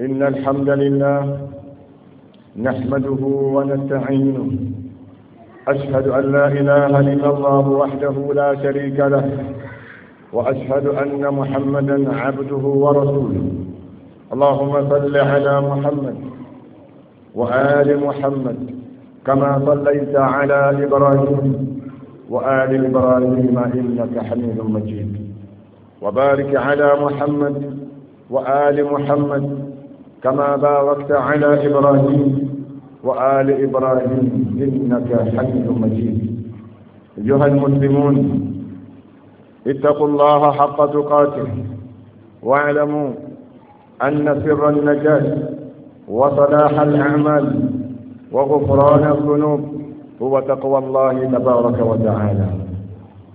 إن الحمد لله نحمده ونستعينه أشهد أن لا إله إلا الله وحده لا شريك له وأشهد أن محمدا عبده ورسوله اللهم صل على محمد وآل محمد كما صليت على إبراهيم وآل إبراهيم إنك حميد مجيد وبارك على محمد وآل محمد كما باركت على إبراهيم وآل إبراهيم إنك حميد مجيد أيها المسلمون اتقوا الله حق تقاته واعلموا أن سر النجاة وصلاح الأعمال وغفران الذنوب هو تقوى الله تبارك وتعالى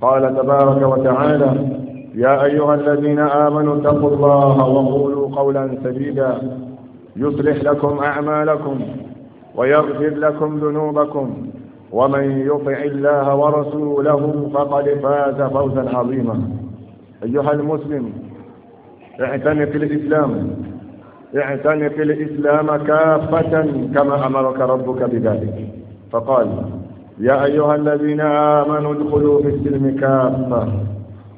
قال تبارك وتعالى يا أيها الذين آمنوا اتقوا الله وقولوا قولا سديدا يصلح لكم أعمالكم ويغفر لكم ذنوبكم ومن يطع الله ورسوله فقد فاز فوزا عظيما أيها المسلم اعتنق الإسلام اعتنق الإسلام كافة كما أمرك ربك بذلك فقال يا أيها الذين آمنوا ادخلوا في السلم كافة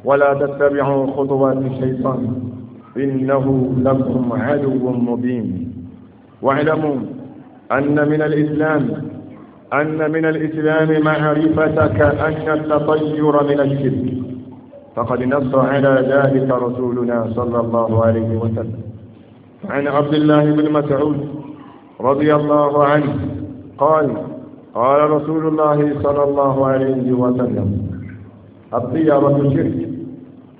ولا تتبعوا خطوات الشيطان إنه لكم عدو مبين واعلموا أن من الإسلام أن من الإسلام معرفتك أن التطير من الشرك فقد نص على ذلك رسولنا صلى الله عليه وسلم عن عبد الله بن مسعود رضي الله عنه قال قال رسول الله صلى الله عليه وسلم الطيرة شرك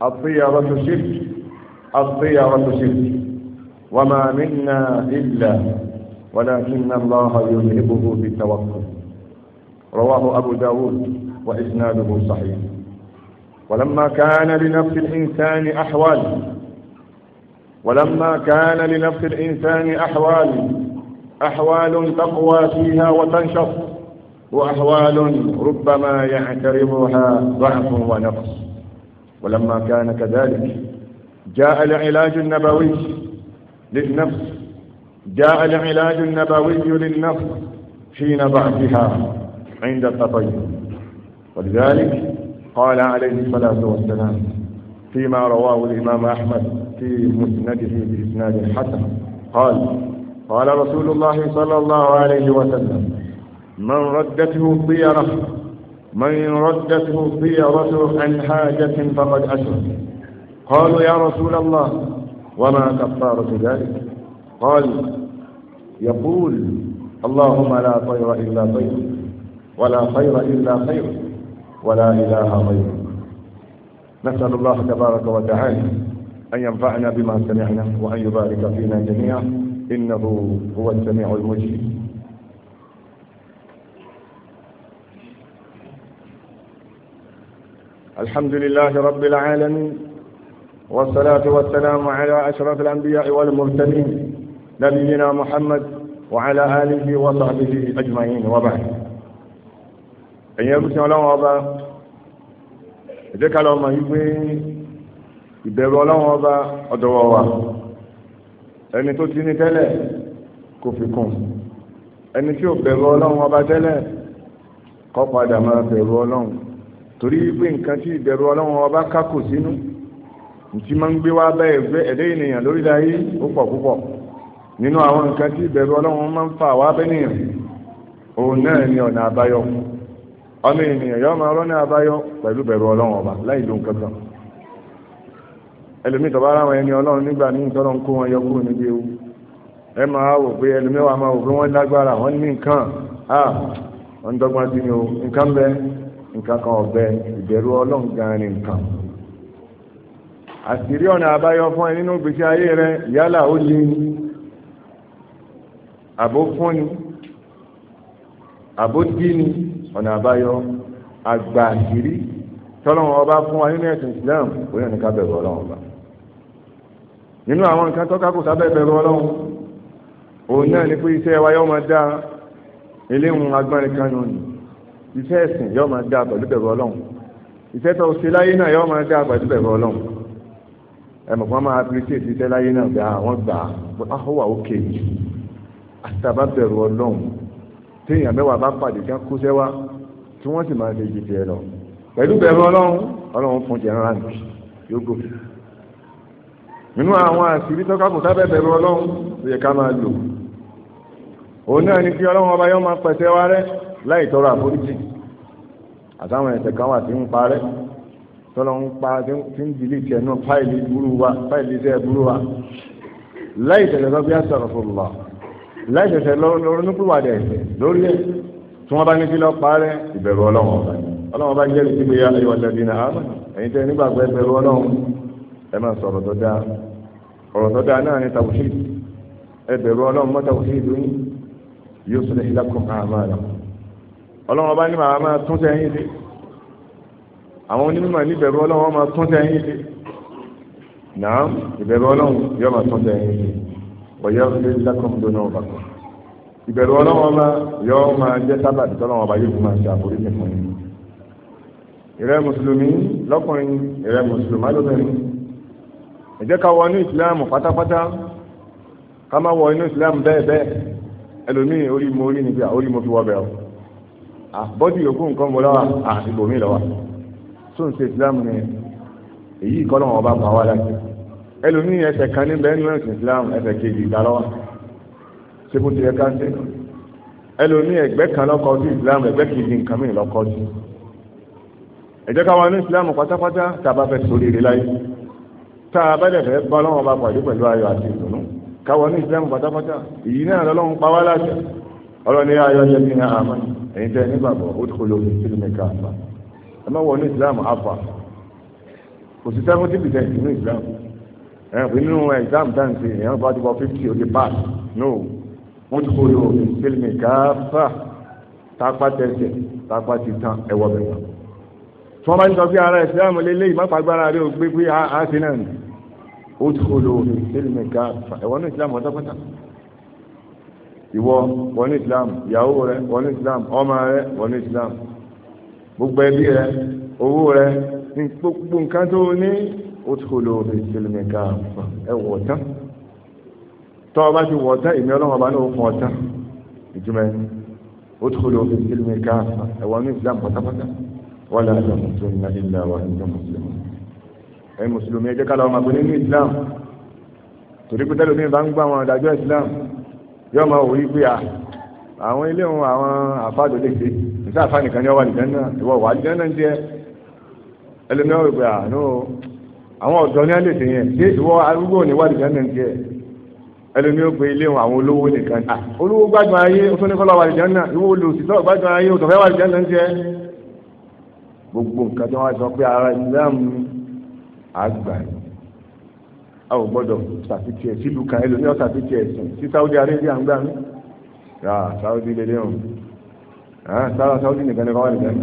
الطيرة شرك الطيرة شرك وما منا إلا ولكن الله يذهبه بالتوكل رواه أبو داود وإسناده صحيح ولما كان لنفس الإنسان أحوال ولما كان لنفس الإنسان أحوال أحوال تقوى فيها وتنشط وأحوال ربما يعترضها ضعف ونقص ولما كان كذلك جاء العلاج النبوي للنفس جاء العلاج النبوي للنفس حين ضعفها عند التطيب ولذلك قال عليه الصلاة والسلام فيما رواه الإمام أحمد في مسنده بإسناد حسن قال قال رسول الله صلى الله عليه وسلم من ردته الطيرة من ردته الطيرة عن حاجة فقد أشرك قالوا يا رسول الله وما كفارة ذلك قال يقول اللهم لا خير إلا خير ولا خير إلا خير ولا إله غيرك نسأل الله تبارك وتعالى أن ينفعنا بما سمعنا وأن يبارك فينا جميعا إنه هو السميع المجيب الحمد لله رب العالمين والصلاة والسلام على أشرف الأنبياء والمرسلين نبينا محمد وعلى آله وصحبه أجمعين وبعد ẹ̀yin ẹ̀rú sí ọlọ́run ọba ìdíkàlọ́ ọmọ yìí pé ìbẹ̀rù ọlọ́run ọba ọ̀dọ̀wọ̀ wa ẹni tó ti ní tẹ́lẹ̀ kò fi kùn ẹni tí ò bẹ̀rù ọlọ́run ọba tẹ́lẹ̀ kó padà máa bẹ̀rù ọlọ́run torí pé nǹkan tí ìbẹ̀rù ọlọ́run ọba kákò sínú ntí máa ń gbé wá bá ẹgbẹ́ ẹ̀dá ènìyàn lórí ayé ó pọ̀ púpọ̀ nínú àwọn nǹkan tí ìbẹ̀rù ọlọ́run máa ń fà wá bẹ́nìyàn òun náà ni ọ̀nà àbáyọ ọmọ ènìyàn yóò máa rọ́nà àbáyọ pẹ̀lú bẹ̀rù ọlọ́run ọba láì lo nǹkan kan ẹlòmíì tọ́ba aráwọn ẹni ọlọ́run nígbà míì tọ́lọ́ ń kó wọn yọ kúrò níbi ewu ẹ máa wò pé ẹlòmíì máa wò pé wọ́n lágbára wọ́n ní nǹkan à wọ́n dọ́gbọ́n sí ni o nǹkan bẹ́ẹ̀ nǹkan kan ọ̀bẹ ìbẹ̀rù ọlọ́run gan ni nǹkan àṣírí ọ̀nà àbáyọ fún ẹ nínú gbèsè ayé rẹ yálà ó lé ní àbó fún ni àbó dí ni ọ̀nà àbáyọ àgbà àṣírí tọ́lọ́wọ́n ọba fún wa nínú ẹ̀sìn Islam ó yẹ ní ká bẹ̀rù ọlọ́run ọba nínú àwọn nǹkan tó kákò sábẹ́ bẹ̀rù ọlọ́run òun náà ni pé iṣẹ́ wa yóò máa dá eléhùn agbárin kan nù ní iṣẹ́ ẹ̀sìn yóò máa dá pẹ̀lú bẹ̀rù ọlọ́run iṣẹ́ tó ṣe láyé náà yóò máa dá pẹ̀lú bẹ̀rù ọlọ́run ẹ̀mọ̀ kan máa appreciate iṣẹ́ láyé náà bí àwọn ah, gbà á ah, wà ókè àtàbà bẹ̀rù ọlọ́run téèyàn mẹ́wàá bá pàdé kí wọ́n kó sẹ́wà tí wọ́n sì máa ṣe jìbì ẹ̀ lọ pẹ̀lú bẹ̀rù ọlọ́run ọlọ́run fún jẹ̀rán ránkì yóò gòkè nínú àwọn àṣírí tọ́kàkùn sábẹ́ bẹ̀rù ọlọ́run tó yẹ ká máa lò òun náà ni kí ọlọ́run ọba yóò máa pẹ̀sẹ̀ wa rẹ́ láì tọrọ àforíjì àtàwọn ẹ̀ṣẹ̀ kan wà tí ń parẹ́ tọ́lọ́ ń pa tí ń dìlì tiẹ̀ náà fáìlì burú wa fáìlì iṣẹ́ burú wa láì tẹ̀lé lọ́bí àtọ̀rọ̀ fún lọ láì tẹ̀lé lọ́rọ́ nípìwàdà ẹ̀sẹ̀ lórí ẹ̀ tí wọ́n bá ní kí lọ parẹ́ ìbẹ̀rù ọlọ́run ọba ọlọ́run ọba jẹ́ ìdílé ayọ̀ ọ̀dẹ̀dì náà ẹ̀yin tẹ́ nígbàgbọ́ ìbẹ̀rù ọlọ́run ẹ máa sọ̀rọ̀ tó dáa ọ̀rọ̀ tó dáa náà ní tawhid àwọn onímọ̀ níbẹ̀rù ọlọ́run máa tún tẹ́ yín ṣe náà ìbẹ̀rù ọlọ́run yóò máa tún tẹ́ yín ṣe ọ̀yẹ́ ọ̀sẹ̀ lákọ̀ọ́mọdé náà bàtà ìbẹ̀rù ọlọ́run ọba yóò máa jẹ́ sábàbí tọ́lọ́run ọba yóò máa ṣe àforíjì fún yín ìrẹ́ mùsùlùmí lọ́kùnrin ìrẹ́ mùsùlùmá lóbìnrin ẹ ká wọ inú ìsìláàmù pátápátá ká má wọ inú ìsìláàmù bẹ́ẹ̀ bẹ́ẹ̀ ẹlòmíì orí mo rí ni bí i orí mo fi wọ bẹ́ẹ̀ o bọ́dì yòókù nǹkan mo lọ́wọ́ àti ibòmí lọ́wọ́ tó ń ṣe ìsìlámù ni èyí ìkọlọ̀ wọn bá pa wá láti ẹlòmíì ẹsẹ̀ kan níbẹ̀ nínú ẹ̀sìn ìsìlámù ẹsẹ̀ kejì ìdálọ́wà ṣé bó ti yẹ ká ṣe ẹlòmíì ẹgbẹ́ kan lọ́kọ sí ìsìlámù ẹgbẹ́ kejì nǹkan mìíràn lọ́kọ sí ẹ jẹ́ ká wà ní ìsìlámù pátápátá tá a bá fẹ́ sórí rẹ láyé tá a bá dẹ̀ bá lọ́wọ́ bá pàdé pẹ̀lú ayọ̀ àti ìdùnnú ká wà ní ìsìlámù pátápátá èyí náà lọ́lọ́run pa wá láti ọlọ́ni ayọ̀ jẹ́ bí ní àmọ́ ẹ̀yin tẹ́ nígbàgbọ́ ó ti kó lórí sílùmẹ́ka àmọ́ ẹ má wọ ní islam afa kò sí seventy percent nínú islam ẹ pé nínú exam tá n ṣe èèyàn bá ti wọ fifty o ti pass no wọn ti kórè o fílmì káfà tápá tẹsẹ̀ tápá ti tán ẹwọ bẹ̀rẹ̀ tí wọn bá ń sọ pé ara islam lélẹyìí má fagbára rẹ o gbé pé a ṣe náà ni o ti kórè o fílmì káfà ẹwọ ní islam pátápátá ìwọ wọ ní islam ìyàwó rẹ wọ ní islam ọmọ rẹ wọ ní islam gbogbo ẹbí rẹ owó rẹ gbogbo nǹkan tó ní ó ti kò lò ó fi tìlùmí ká ẹ wọ̀ tán tọ́ ọ bá ti wọ̀ tán ìmí ọlọ́run ọba náà ó fún ọ tán ìtumọ̀ ẹni ó ti kò lò ó fi tìlùmí ká ẹ̀wọ̀n ní ìsìlámù pátápátá wọ́n lè ṣe mùsùlùmí ilẹ̀ wa ní mùsùlùmí ẹ mùsùlùmí ẹ jẹ́ ká lọ́ọ́ nínú ìsìlámù torí pé tẹ́lẹ̀ nígbà àfa nìkan ní ọwọ́ àlìjánná ìwọ wà àlìjánná ń jẹ ẹlẹ́mìíràn wípé àánú àwọn ọ̀dọ́ ní àlè tẹ̀yẹn ṣé ìwọ arúgbó ní wà àlìjánná ń jẹ ẹlẹ́mìíràn pé ilé wọn àwọn olówó nìkan ní. olówó gbádùn ayé ó tún ní kọ́lá wà àlìjánná ìwọ olùsìtọ́ gbádùn ayé ó tọ̀fẹ́ wà àlìjánná ń jẹ gbogbo nǹkan tí wọ́n sọ pé ara ìsìláàmù àgbà a ò gbọ́dọ̀ ṣàfihàn sílùú kan ẹlòmíràn ṣàfihàn sí Saudi Arabia ń gbà mí sáwọ́ ah, sáwọ́dì nìkan ní kọ́wọ́ nìkan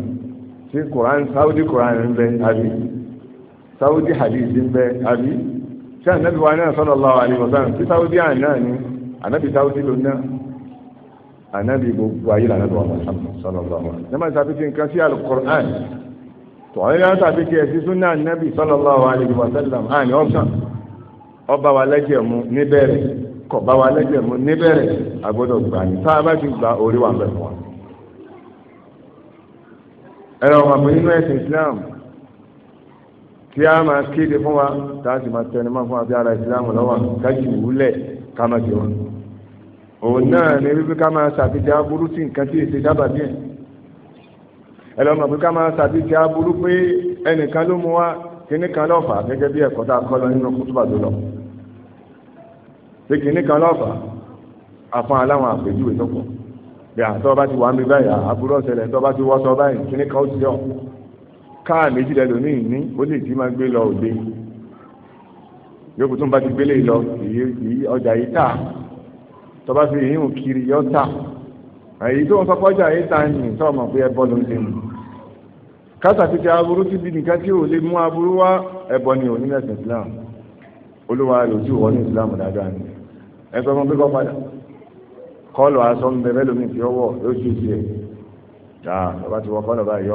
sí Quran Saudi Quran ń bẹ àbí sáwọ́dì hadith ń bẹ àbí sí ànábì wa náà sallallahu alaihi wasallam sí sáwọ́dì àná ni ànábì sáwọ́dì ló ná ànábì gbogbo ayé lànà tó wà sallallahu alaihi wasallam ní ma sábì ti nǹkan sí alukoran tọ́wọ́n yóò tàbí kí ẹ̀sí súnà nábì sallallahu alaihi wasallam ah, àní ọ̀sán ọba wa lẹ́jẹ̀ mu níbẹ̀rẹ̀ kọ̀ wa lẹ́jẹ̀ mu níbẹ̀rẹ̀ àgbọ̀dọ̀ gbà ní ti gba orí wa bẹ̀ fún wa ẹ̀rọ ọmọ àpò nínú ẹ̀sìn Islam tí a máa kéde fún wa tá a sì máa tẹnu máa fún wa bí ara Islam lọ́wọ́ kájì wúlẹ̀ ká máa jẹun òun náà ní wípé ká máa ṣàfihàn aburú sí nǹkan tí èsì dábàá díẹ̀ ẹ lọ mọ̀ pé ká máa ṣàfihàn aburú pé ẹnìkan ló mú wa kíní kan lọ́fà gẹ́gẹ́ bí ẹ̀kọ́ tá a kọ́ lọ nínú kútùbà tó lọ pé kíní kan lọ́fà àfọn aláwọn àpèjúwe tó pọ̀ bí àtọ́ bá ti wà ń bí báyìí àbúrò ọ̀sẹ̀lẹ̀ tọ́ bá ti wọ́ sọ báyìí kíní kan ó ti yọ káà méjì lẹ́lòmíì ní ó lè jí máa gbé lọ òde yòókù tó ń bá ti gbélé lọ èyí ọjà yìí tà tọ́ bá fi èyí hùn kiri yọ tà èyí tó ń sọpọ́ ọjà yìí tà ń yìn tọ́ ọmọ pé ẹ bọ́ ló ń ṣe nù kásà ti ti aburú ti di nìkan tí ò lè mú aburú wá ẹbọ ni ò ní ẹ̀sìn Islam olúwa lòdì wọ́n ní Islam dáadáa ni ẹ sọ fún pé kọ́ padà kọ́ọ̀lù aṣọ ń bẹ mẹ́lòmíì tí ó wọ̀ yóò ṣe tiẹ̀ náà bàbá ti wọ kọ́ọ̀lù báyìí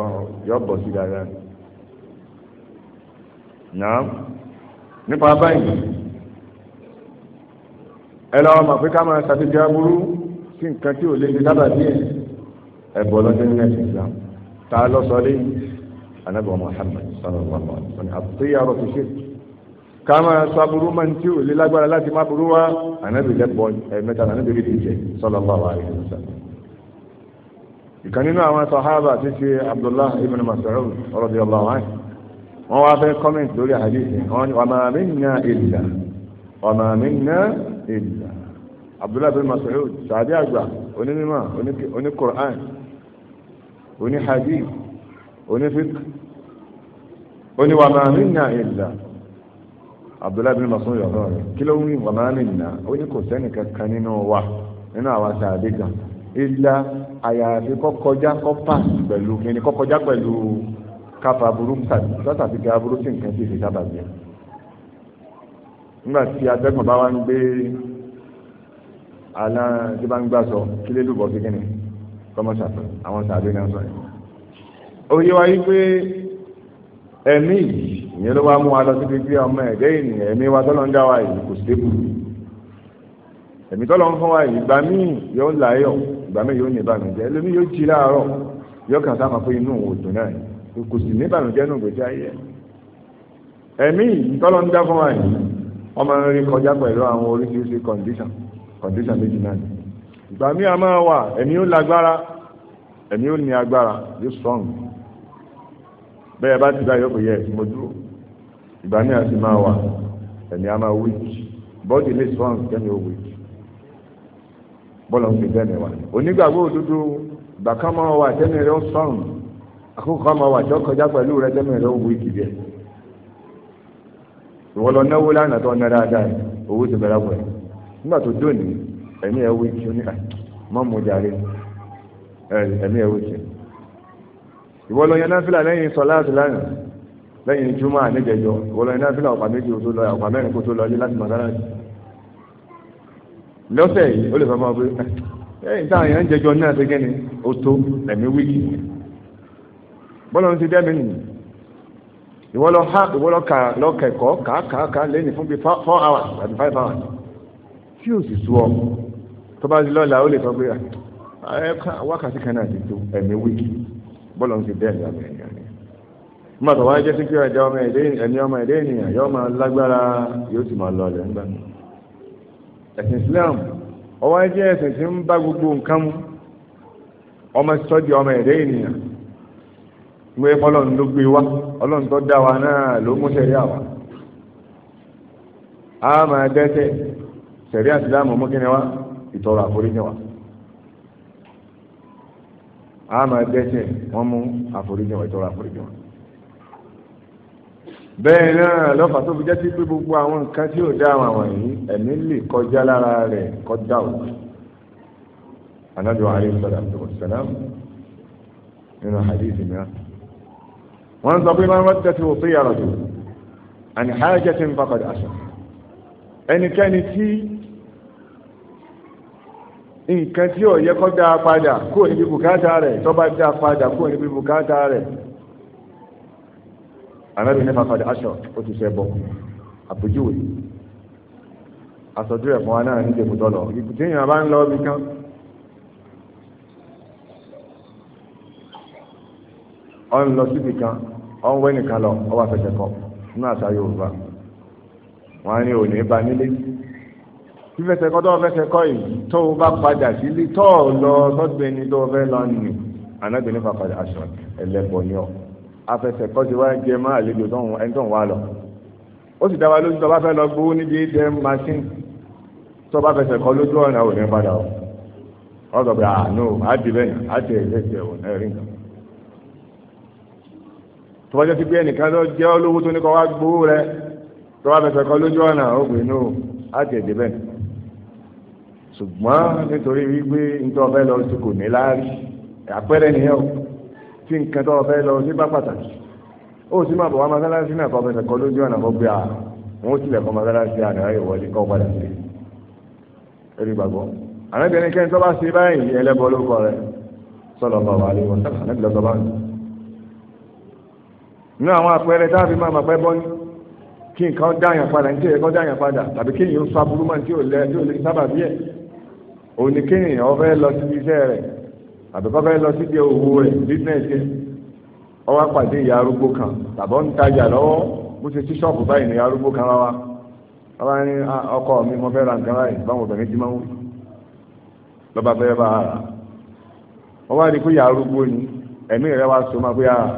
yọ bọ̀ sí dáadáa náà nípa báyìí ẹ lọ́wọ́ mọ̀ pé ká máa ṣàfihàn aburú sí nǹkan tí ò lè fi dábàá díẹ̀ ẹ̀bọ̀ lọ́jọ́ nílẹ̀ Islam tá a lọ sọ lé anábọ̀ Muhammad sallallahu alaihi wa sallam àti yàrá fi ká máa sọ aburú máa ń tí ò lé lágbára láti má burú wá ànábì lẹ́pọ̀ ẹ̀mẹ́ta ànábì rí ìjẹ sallallahu alaihi wasallam. ìkan nínú àwọn sahaba ti ṣe abdullah ibn mas'ud radiyallahu anhu wọ́n wá fẹ́ kọ́mẹ̀ntì lórí hadith wọ́n wa ma minna illa wa ma minna illa abdullah ibn mas'ud sàdé àgbà onímọ̀ oníkùrán oníhadith onífik oníwàmàmínà illa abdullahi bin masun yọ ọ̀rọ̀ rẹ̀ kí ló ń wí wàmánì nà ó ní kò sẹ́nì kankan nínú wa nínú àwọn sàádé kan ilà àyàfi kọkọjá kọpà pẹ̀lú kíni kọkọjá pẹ̀lú kápá burú sátàfi ká burú sí nǹkan sí ìfìdá bàjẹ́ nígbà tí atẹ́gùn bá wá ń gbé alá tí bá ń gbà sọ kí lè lùbọ̀ sí kíni kọ́mọ́sàtọ̀ àwọn sàádé náà sọ yìí ó yẹ wáyé pé ẹ̀mí yìí ìyẹn ló wá mú wa lọ síbi bí ọmọ ẹ̀dẹ́ ènìyàn ẹ̀mí wa tọ́lọ́ ń dá wa yìí kò stable ẹ̀mí tọ́lọ́ ń fún wa yìí ìgbà míì yóò láyọ̀ ìgbà míì yóò ní ìbànújẹ́ ẹlòmíì yóò jí láàárọ̀ yóò kàn sáà máa pé inú òun ò náà kò sì ní ìbànújẹ́ nù gbèsè ayé ẹ̀mí tọ́lọ́ ń dá fún wa yìí ọmọ rere kọjá pẹ̀lú àwọn oríṣiríṣi condition condition méjì náà ìgbà míì a máa wà ẹ̀mí ó lágbára strong bẹ́ẹ̀ bá ti dá yóò kò yẹ mo dúró ìgbà míì àti máa wà ẹ̀mí a máa wíj bọ́dì lè sọ àrùn kẹ́mi ó wíj bọ́ọ̀lù ń fi bẹ́ẹ̀ mi wà onígbàgbọ́ òdodo ìgbà kan máa wà tẹ́mi rẹ̀ ó sọ àrùn àkókò kan máa wà tí ó kọjá pẹ̀lú rẹ̀ tẹ́mi rẹ̀ ó wíj bẹ́ẹ̀ ìwọ lọ náwó lánàá tó ná dáadáa owó ti bẹ̀rẹ̀ pẹ̀ nígbà tó dóni ẹ̀mí ẹ̀ wíj ó ní ah, mọ́ mo jàre ẹ̀mí ẹ̀ wíj ìwọ yẹn náà fìlà lẹ́yìn sọ lẹ́yìn júmọ́ àníjẹjọ ìwọlọ iná fílà ọ̀pá méjì kó tó lọ ọ̀pá mẹ́rin kó tó lọ ilé láti mọ̀sálásì lọ́sẹ̀ yìí ó lè fọ́ máa pé ẹ̀yìn táwọn èèyàn ń jẹjọ náà ṣe gẹ́ni ó tó ẹ̀mí wíìkì bọ́lá ń ti dẹ́mi nìyí ìwọlọ ha ìwọlọ kà lọ́kẹ̀kọ́ kàákàá lẹ́yìn fún bíi four hours àti five hours tí ó sì sú ọ tó bá di lọ́la ó lè sọ pé ah, wákàtí kan náà ti tó ẹ̀mí wíìkì bọ́lá ń ti dẹ́mi nígbà tó wáyé jẹ́ sí pé ẹ̀dá ọmọ ẹ̀dẹ́ ẹ̀mí ọmọ ẹ̀dẹ́ ènìyàn yóò máa lágbára yóò sì máa lọ ọ̀lẹ̀ ńgbà ẹ̀sìn Islam ọwọ́ jẹ́ ẹ̀sìn tí ń bá gbogbo nǹkan mu ọmọ sọ́dí ọmọ ẹ̀dẹ́ ènìyàn ń gbé fọlọ́run ló gbé wá ọlọ́run tó dá wa náà ló mú sẹ̀rí àwa a máa dẹ́sẹ̀ sẹ̀rí àsìlámù mú kíni wá ìtọrọ àforíjì wa a máa dẹ́sẹ̀ wọ́n mú àforíjì wa ìtọrọ àforíjì wa bẹ́ẹ̀ náà lọ́fà tó fi jẹ́ sí pé gbogbo àwọn nǹkan tí ò dá àwọn àwọn yìí ẹ̀mí lè kọjá lára rẹ̀ kọjá ò anájọ àárín sọ̀rọ̀ àti ọ̀sẹ̀lá nínú hadith mìíràn wọ́n sọ pé máa ń rántí tí òfin yàrá jù àní hájẹ́ tí ń bá padà aṣọ ẹnikẹ́ni tí nǹkan tí ò yẹ kó dá padà kó níbi bùkátà rẹ̀ tó bá dá padà kó níbi bùkátà rẹ̀ àrẹ́bí ní fàfàdé aṣọ ó ti ṣẹbọ àpèjúwe àsọjú ẹ̀fọn wa náà níjẹ̀kú tọ́lọ̀ ìkùtì èèyàn bá ń lọ bí kán ọ ń lọ síbi kan ọ ń wẹ́ nìkan lọ ọ wà fẹsẹ̀ kọ nínú àṣà Yorùbá wọn á ní òní ba nílé fífẹsẹ̀ kọ́ tó fẹsẹ̀ kọ́ yìí tó o bá padà sílé tó o lọ sọ́dọ̀ ẹni tó o fẹ́ lọ nì ànágbẹ́ni fàfàdé aṣọ ẹlẹ́bọ̀ ni ọ̀ afẹsẹ̀kọ́sí wá jẹ mọ́ àlejò ẹni tó ń lọ ó sì dá wa lójú tó bá lọ gbowó níbi machine o wọ́n ọ àánú àti bẹ́ẹ̀ àti ẹ̀ẹ́dẹ́gbẹ̀ ò náà rí nǹkan tó bá ẹnìkan lọ jẹ́ olówó tó ní rẹ lójú ọ̀nà àti ṣùgbọ́n nítorí wípé lọ o tí nǹkan tó fẹ́ lọ sí bá pàtàkì ó sì máa bọ̀ wá mọ́sálásí náà kọ́ fẹsẹ̀ kọ́ lójú ọ̀nà kó gbé a wọn ó tilẹ̀ kọ́ mọ́sálásí àná ayé wọlé kọ́ padà sí ẹ̀rí gbàgbọ́ ànábìrin kẹ́ni tó bá ṣe báyìí ẹlẹ́bọ lórúkọ rẹ sọlọ bàbá àlè wọn sábà ànábì lọ sọba nínú àwọn àpẹẹrẹ tá a fi máa pẹ́ bọ́ kí nǹkan dáyàn padà nítorí ẹ̀kọ́ dáyàn padà tàbí kí èèyàn fa burúkú máa tí ò lẹ́ tí ò lè sábà bí ẹ̀ òní kéèyàn ó fẹ́ lọ síbi iṣẹ́ rẹ̀ àbẹ̀kọ́ fẹ́ lọ síbi òwò rẹ̀ bísínẹ́sì ọwọ́ pàdé ìyá arúgbó kan tàbọ̀ ń tajà lọ́wọ́ bó ṣe sí ṣọ́ọ̀bù báyìí ní ìyá arúgbó kan wá wá ní ah, ọkọ mi mo fẹ́ ra nǹkan báyìí báwọn obìnrin máa ń lọ́ba fẹ́ bá a rà wọ́n wá rí pé ìyá arúgbó ni ẹ̀mí rẹ̀ wá so máa a ah,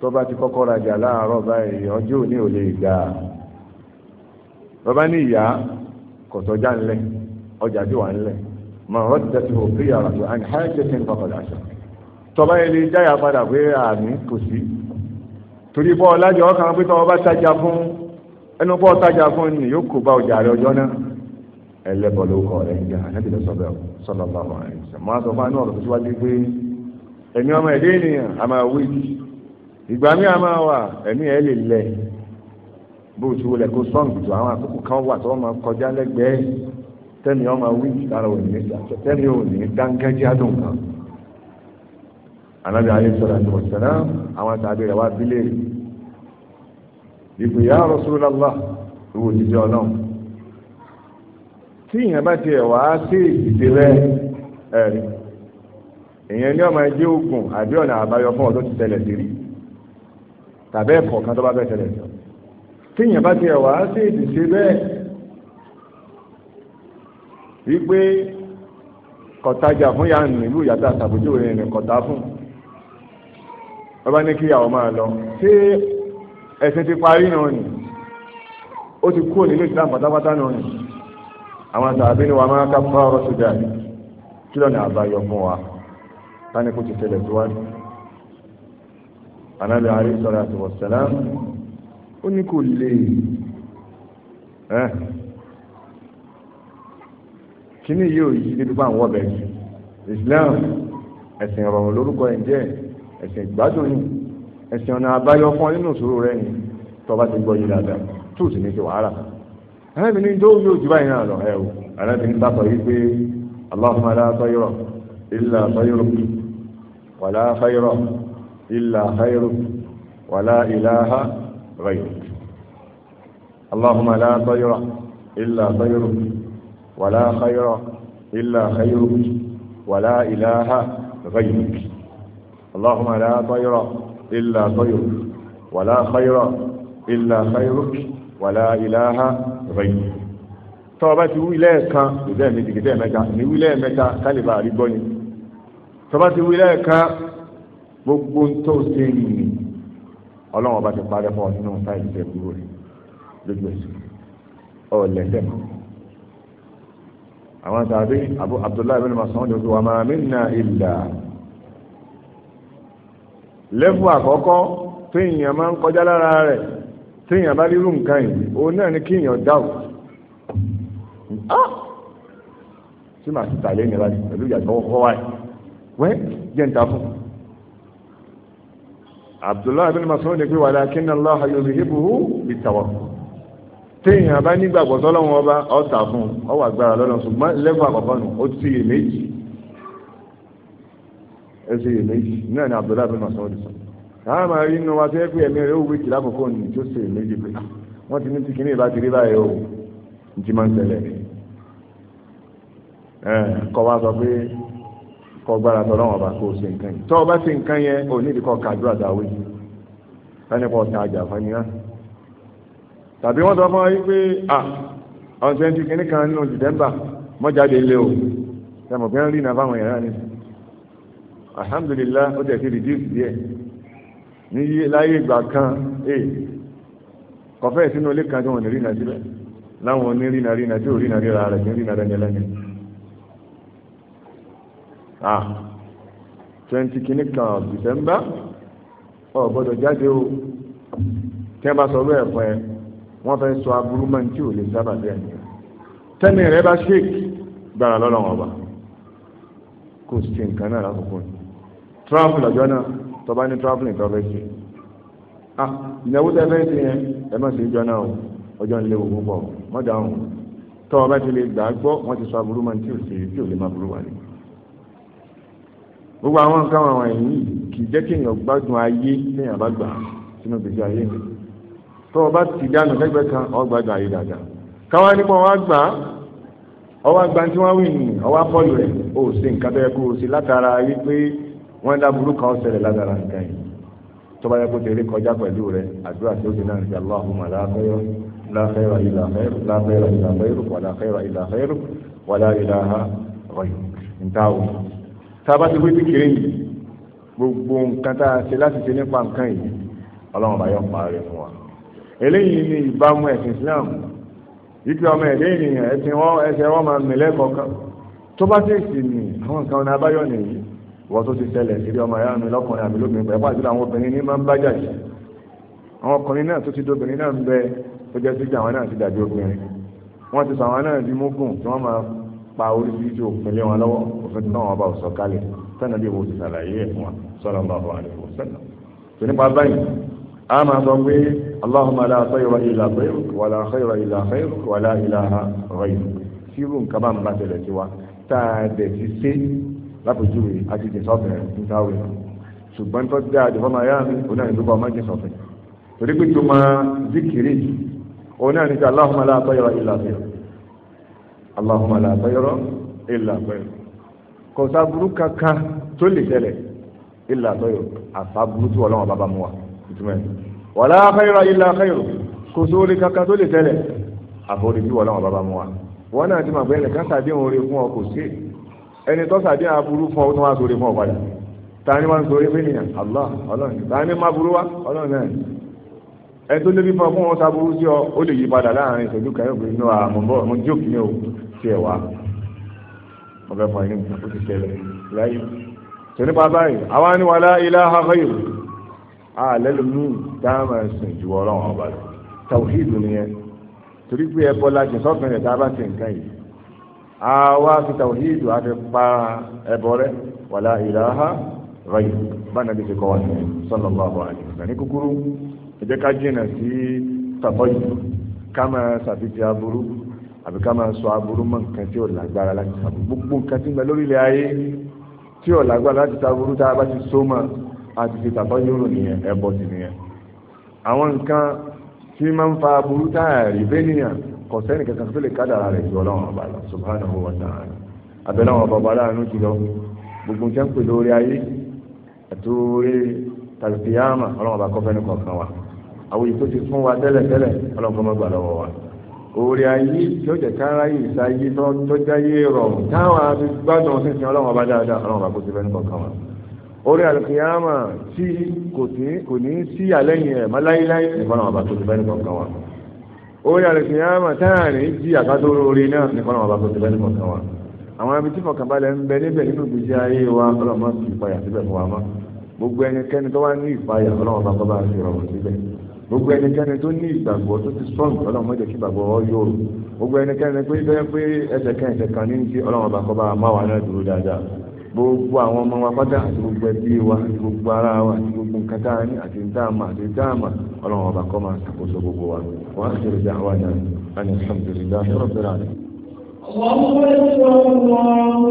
tó bá ti kọ́kọ́ rajà láàárọ̀ báyìí ọjọ́ òní ò lè gbà á mọ̀rọ́dẹ̀tò kíyàrá tó àní hajjẹ́sìn fọkànlá aṣọ tọba ilé jáyà padà pé àmì kò sí torí bọ́ ọlájà ọkàn pé tọwọ́ bá tajà fún ẹnu bọ́ tajà fún ni yóò kó bá ọjà rẹ ọjọ́ náà ẹlẹ́bọ̀ ló kọ̀ rẹ̀ ń jà ànábì lọ sọ́bẹ̀ sọ́lọ́ bá wà ní sọ máa sọ fún àánú ọ̀rọ̀ tó síwájú pé ẹ̀mí ọmọ ẹ̀dẹ́ ènìyàn a máa wí ìgbà mi a máa wà ẹ̀mí ẹ̀ lè lẹ̀ bó ti wọlé kó sọ́ǹgì tó àwọn àkókò kan wà tó wọ́n máa kọjá lẹ́gbẹ̀ẹ́ tẹ́ni ọmọ wí tara òní tẹ́ni òní dángájádùn kan anabi àwọn rẹ̀ wá bílẹ̀ ìpè ìwò tí ìyẹn bá tiẹ̀ wá sí rẹ̀ ẹ̀rí ìyẹn ní ọmọ ẹjẹ́ ogun àbí ọ̀nà àbáyọ fún ọdún ti tẹ̀lẹ̀ sí rí tàbí kan tó bá bẹ́ẹ̀ tẹ̀lẹ̀ sí ìyẹn bá tiẹ̀ wá sí wípé kọ̀tajà fún ya nílùú ìyàtọ̀ àtàbójú rẹ̀ ní kọ̀tà fún ọba ní kí ìyàwó máa lọ ṣé ẹ̀sìn ti parí náà ni ó ti kúrò nínú ìsìlámù pátápátá náà ni àwọn sàbí ni wàá máa ká fún ọ̀rọ̀ sójà kí lọ́nà àbáyọ fún wa tani kò ti tẹ̀lẹ̀ síwájú anabi alayhi salatu wa salam ó ní kò lè Eh? kíní yóò yí níbi bá ń wọ́ bẹ̀rẹ̀ Islam ẹ̀sìn ìrọ̀rùn lórúkọ ẹ̀ jẹ́ ẹ̀sìn ìgbádùn ni ẹ̀sìn ọ̀nà àbáyọ fún ọ nínú ìṣòro rẹ ni tọba ti gbọ́ yìí dáadáa tó sì ní ti wàhálà arábìnrin tó yóò jù báyìí náà lọ ẹ o arábìnrin bá sọ yìí pé Allahumma la tayra illa wàlá khayra illa khayruk wàlá ilaha ghayruk Allahumma la tayra illa ولا خير إلا خيرك ولا إله غيرك اللهم لا طير إلا طيرك ولا خير إلا خيرك ولا إله غيرك tọ́ọ̀bá ti wí lẹ́ẹ̀kan ìdẹ́ mi dìgídẹ́ mẹ́ta ní wí lẹ́ẹ̀mẹ́ta kálíbà àrígbọ́ ni tọ́ọ̀bá ti wí lẹ́ẹ̀kan gbogbo ń tó ṣe nìyí ọlọ́run ọba ti parẹ́ fún ọ nínú táyì ìṣẹ́ gbúrò rẹ̀ lójú ẹ̀sìn ọ̀lẹ́sẹ̀ mọ́ àwọn sàbí abu abdullahi bin masoud ọdún wa máa minna ìlà lẹ́fù àkọ́kọ́ téèyàn máa ń kọjá lára rẹ̀ téèyàn bá rírú nǹkan yìí òun náà ni kéèyàn dáwù ah! tí màá ti tàlé ìnira pẹ̀lú ìyàtọ̀ ọkọ wa wẹ́ jẹ́ ń ta fún abdullahi bin masoud ní pé wàlá kí ni allah yóò fi bí tàwọn téèyàn bá nígbàgbọ́ sọ́lọ́run ọba ọ̀tà fún ọ wà gbára lọ́nà ṣùgbọ́n lẹ́fọ̀ àkọ́kọ́ nù ó ti èméjì ẹ ṣe èméjì náà ni Abdullahi bin Masoud sọ àwọn máa rí inú wa tó yẹ pé ẹ̀mí rẹ̀ ó wíkì lákòókò ní tó ṣe èméjì pé ah, wọ́n ti ní tí kìíní ìbá ti rí báyìí o ní ti máa ń tẹ̀lé ẹ kọ́ wa sọ pé kọ́ gbára sọ́lọ́run ọba kó o ṣe nǹkan yẹn tọ́ ọ bá ṣe nǹkan yẹn tàbí wọ́n sọ fún wa wípé à ọ̀n twenty kìíní kan nínú december mọ́jáde lé o sẹ́mu bí wọ́n rí iná fáwọn èèyàn ni alhamdulillah ó tẹ̀ sí reduce díẹ̀ ní láyé ìgbà kan ẹ̀ eh, kọfẹ́ sínú ilé kan tí wọ́n ní rí iná síbẹ̀ láwọn oní rí iná rí iná tí ò rí iná ríra rẹ̀ kí rí iná rẹ̀ lẹ́yìn ah twenty kìíní kan december ọ̀ gbọ́dọ̀ jáde o kí wọ́n bá sọ bẹ́ẹ̀ fún ẹ wọ́n fẹ́ sọ aburú mọ́ tí ò lè sábà bẹ́ẹ̀ ni tẹ́mi rẹ bá ṣèkì gbára lọ́lọ́wọ́ ọba kò sí nǹkan náà lákòókò ni tíráfù lọ́jọ́ náà tọ́ba ní tíráfù nìkan fẹ́ ṣe ah ìnáwó tẹ́ fẹ́ ṣe yẹn ẹ má ṣe ìjọ náà o ọjọ́ ń léwu púpọ̀ mọ́dà ọ̀hún tọ́ ọba ti lè gbà gbọ́ wọ́n ti sọ aburú mọ́ tí ò sí tí ò lè má burú wà ní. gbogbo àwọn nǹkan àwọn ẹ̀yìn kì í jẹ́ kéèyàn gbádùn ayé kéèyàn bá gbà sínú gbèsè ayé nìkan tó o bá ti dànù lẹ́gbẹ̀ẹ́ kan ọgbà gbà yìí dáadáa káwá nípa wọn gbà ọwọ́ àgbà tí wọ́n wí nìyí ọwọ́ apọ́lù rẹ̀ ó ṣe nǹkan tó yẹ kó o ṣe látara wípé wọ́n dá burúkú kan ṣẹlẹ̀ látara nǹkan yìí tó yẹ kó tẹ̀lé kọjá pẹ̀lú rẹ̀ àdúrà tí ó ṣe náà ṣe aláhùnmá láfẹ́rọ̀ láfẹ́rọ̀ ìlàfẹ́rọ̀ gbogbo nǹkan ṣe láti ṣe nípa nǹkan yìí ọlọ́run bá yọ pa rẹ̀ fún wa eléyìí ni ìbámu ẹ̀sìn Islam ìpè ọmọ ẹ̀dẹ́ ènìyàn ẹ̀sìn wọn ẹsẹ̀ wọn máa mẹ̀lẹ́ kọ̀ọ̀kan tó bá tẹ̀sí ni àwọn nǹkan ọ̀nà abáyọ̀ nìyí wọ́n tó ti ṣẹlẹ̀ sí ọmọ ẹ̀yà mi lọ́kùnrin àbí lóbìnrin pẹ̀lú àti àwọn obìnrin ní máa ń bá jàjì àwọn ọkùnrin náà tó ti dobìnrin náà ń bẹ tó jẹ́ sí àwọn náà ti dàbí obìnrin wọ́n ti sọ àwọn náà di mógùn tí wọ́n máa pa oríṣiríṣi òfin lé wọn lọ́wọ́ òfin tí náà wọn bá sọ kálẹ̀ tẹ́lẹ̀ bí wo ti ṣàlàyé ẹ̀ fún wa sọ́dọ̀ ń bá wọn àlè a máa sọ pé Allahumma la khayra illa khayruk wa la khayra illa khayruk wa la ilaha ghayruk sírù nǹkan bá ń bá tẹ̀lẹ̀ sí wa tá a dẹ̀ ti sé lápòjúwe a ti jẹ̀sọ́ bẹ̀rẹ̀ nítawe ṣùgbọ́n tó dé àjọ fọmọ ayá mi òun náà ní ọmọ jẹ̀sọ́ torí pé tó máa zikiri òun náà ní sọ Allahumma la khayra illa khayruk Allahumma la khayra illa khayruk kò kankan tó lè tẹ̀lẹ̀ illa khayruk àsábúrú tí wọ́n lọ́wọ́ bàbá mu wa ìtumẹ̀ wàlá khayra illa khayru kò sóore kankan tó lè tẹ́lẹ̀ àforí bí wọ́n náà bàbá mu wa wọ́n náà ti mọ̀ pé ẹnìkan sàdéhùn oore fún ọ kò sí ẹni tó sàdéhùn aburú fún ọ tó wá sóore fún ọ padà tani ma sori fi niyan allah ọlọ́run tani ma buru wa ọlọ́run náà ẹ tó lébi fún ọ fún ọ sábúrú sí ọ ó lè yí padà láàrin ìṣẹ́jú kan àlẹ́lùmí ah, dáhàmà ẹ̀sìn ju ọlọ́run ọba lọ tàwíìdù nìyẹn torí pé ẹbọ lájẹ sọ́kàn rẹ̀ tá a bá ti nǹkan yìí àwa fi tàwíìdù àti pa ẹbọ rẹ wàlá ìlàhà rẹ̀ báyìí nàbí ti kọ́ wa nìyẹn sallallahu alaihi wasallam ní kúkúrú ẹ jẹ́ ká jìnnà sí tàbọ̀yì ká máa ṣàfihàn aburú àbí ká máa sọ aburú mọ́ nǹkan tí ò lágbára láti sàbò gbogbo nǹkan tí ń bẹ lórílẹ̀ ayé tí ò lágbára láti sàbò àti ṣe tàbáyọ̀rò nìyẹn ẹbọ sí nìyẹn àwọn nǹkan tí máa ń fa burú táàrí bẹ́nìyàn kò sẹ́ni kankan tó lè kádàrà rẹ̀ ju ọlọ́run ọba lọ subhanahu wa ta'ala abẹ́lẹ́ àwọn bàbá aláàánú ti lọ gbogbo nǹkan pè lórí ayé àti orí tàbíyàmà ọlọ́run ọba kọfẹ́ ní kọ̀ọ̀kan wa àwọn èyí tó ti fún wa tẹ́lẹ̀ tẹ́lẹ̀ ọlọ́run kọ́ mọ́ gbà lọ́wọ́ wa orí ayé tí ó jẹ́ kára yìí sáyé tó jáyé rọrùn táwọn àti gbádùn sísìn ọlọ́run ọba dáadáa ọlọ́run ọba kó orí àlùkìyàmà tí kò ní sí àlẹ́yìn ẹ̀ mọ́ láíláí nìkan àwọn àbàtò ti bẹ́ẹ̀ nìkan kan wà orí àlùkìyàmà táyà ní jí àkátó orí náà nìkan àwọn àbàtò ti bẹ́ẹ̀ nìkan kan wà àwọn ibi tí fọkànbalẹ̀ ń bẹ níbẹ̀ nínú ìgbésí ayé wa fi síbẹ̀ fún gbogbo ẹnikẹ́ni tó wá ní bá bá bá rọrùn gbogbo ẹnikẹ́ni tó ní ìgbàgbọ́ tó ti sọ̀rọ̀ gbogbo ẹnikẹ́ni pé bẹ́ẹ̀ pé ẹsẹ̀ gbogbo àwọn ọmọ wa pátá àti gbogbo ẹbí wa àti gbogbo ara wa àti gbogbo nǹkan tá a ní àti dáàmà àti dáàmà ọlọ́run ọba kọ́ máa ṣàkóso gbogbo wa wọ́n á ṣèrè dáhùn àná àná alhamdulillah rabbil alamin. اللهم صل الله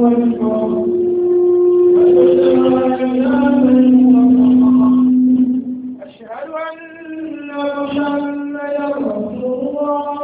اكبر اشهد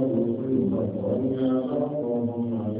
فأخذوا في بطنها فقهم على